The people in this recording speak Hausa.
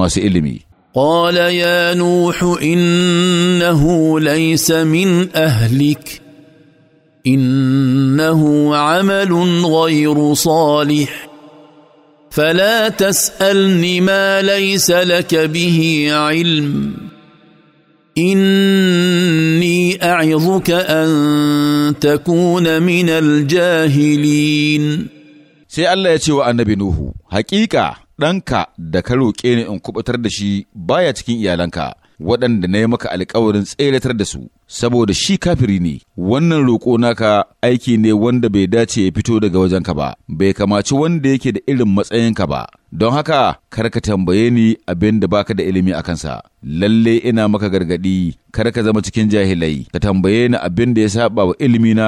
واسئلمي قال يا نوح إنه ليس من أهلك إنه عمل غير صالح فلا تسألني ما ليس لك به علم إني أعظك أن تكون من الجاهلين سيألا يتوى النبي نوح حقيقة ɗanka da ka roƙe ni in kubutar da shi baya cikin iyalanka waɗanda na yi maka alkawarin tseratar da su saboda shi kafiri ne wannan roƙo naka aiki ne wanda bai dace ya fito daga wajenka ba bai kamaci wanda yake da irin matsayinka ba don haka kar ka tambaye ni abin da baka da ilimi a kansa lalle ina maka gargaɗi kar ka zama cikin jahilai ka tambaye ni abin da ya saba wa ilimina